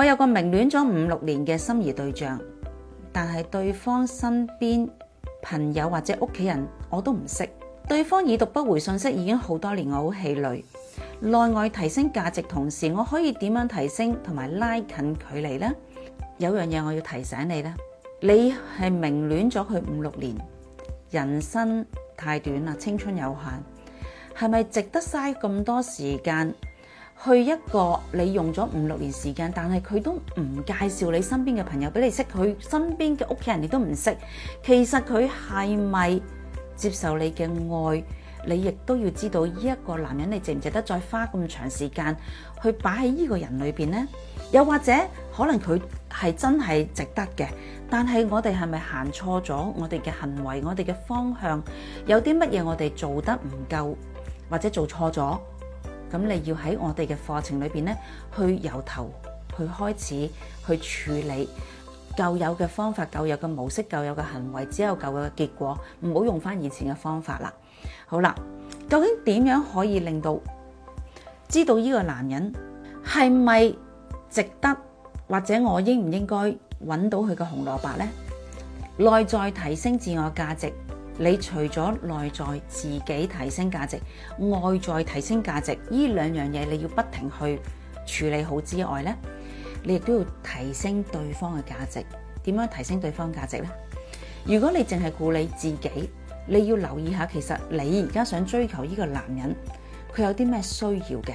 我有個明戀咗五六年嘅心儀對象，但係對方身邊朋友或者屋企人我都唔識，對方已讀不回信息已經好多年，我好氣餒。內外提升價值同時，我可以點樣提升同埋拉近距離呢？有樣嘢我要提醒你，你係明戀咗佢五六年，人生太短啦，青春有限，係咪值得嘥咁多時間？去一個你用咗五六年時間，但係佢都唔介紹你身邊嘅朋友俾你識，佢身邊嘅屋企人你都唔識。其實佢係咪接受你嘅愛？你亦都要知道呢一個男人你值唔值得再花咁長時間去擺喺呢個人裏邊呢？又或者可能佢係真係值得嘅，但係我哋係咪行錯咗我哋嘅行為，我哋嘅方向有啲乜嘢我哋做得唔夠，或者做錯咗？咁你要喺我哋嘅課程裏邊咧，去由頭去開始去處理舊有嘅方法、舊有嘅模式、舊有嘅行為，只有舊有嘅結果，唔好用翻以前嘅方法啦。好啦，究竟點樣可以令到知道呢個男人係咪值得，或者我應唔應該揾到佢嘅紅蘿蔔呢？內在提升自我價值。你除咗內在自己提升價值，外在提升價值，呢兩樣嘢你要不停去處理好之外呢，你亦都要提升對方嘅價值。點樣提升對方價值呢？如果你淨係顧你自己，你要留意下，其實你而家想追求呢個男人，佢有啲咩需要嘅？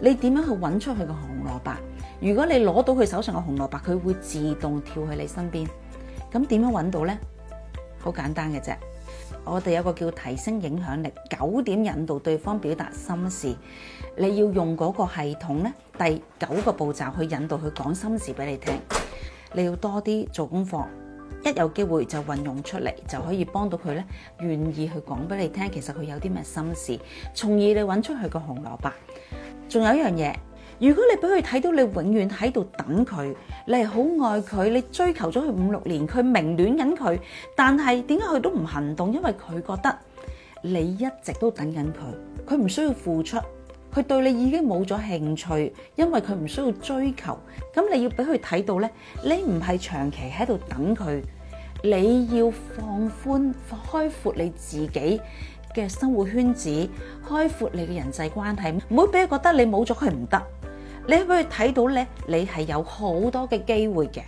你點樣去揾出去個紅蘿蔔？如果你攞到佢手上嘅紅蘿蔔，佢會自動跳去你身邊。咁點樣揾到呢？好簡單嘅啫。我哋有個叫提升影響力，九點引導對方表達心事，你要用嗰個系統咧，第九個步驟去引導佢講心事俾你聽。你要多啲做功課，一有機會就運用出嚟，就可以幫到佢咧，願意去講俾你聽。其實佢有啲咩心事，從而你搵出佢個紅蘿卜。仲有一樣嘢。如果你俾佢睇到你永遠喺度等佢，你係好愛佢，你追求咗佢五六年，佢明戀緊佢，但係點解佢都唔行動？因為佢覺得你一直都等緊佢，佢唔需要付出，佢對你已經冇咗興趣，因為佢唔需要追求。咁你要俾佢睇到咧，你唔係長期喺度等佢，你要放寬、開闊你自己嘅生活圈子，開闊你嘅人際關係，唔好俾佢覺得你冇咗佢唔得。你俾佢睇到咧，你係有好多嘅機會嘅，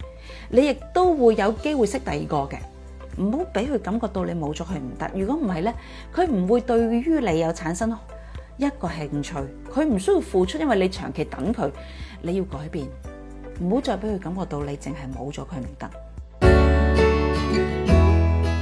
你亦都會有機會識第二個嘅。唔好俾佢感覺到你冇咗佢唔得。如果唔係咧，佢唔會對於你有產生一個興趣。佢唔需要付出，因為你長期等佢，你要改變。唔好再俾佢感覺到你淨係冇咗佢唔得。